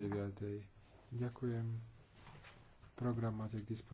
9. Ďakujem. Program máte k dispozícii.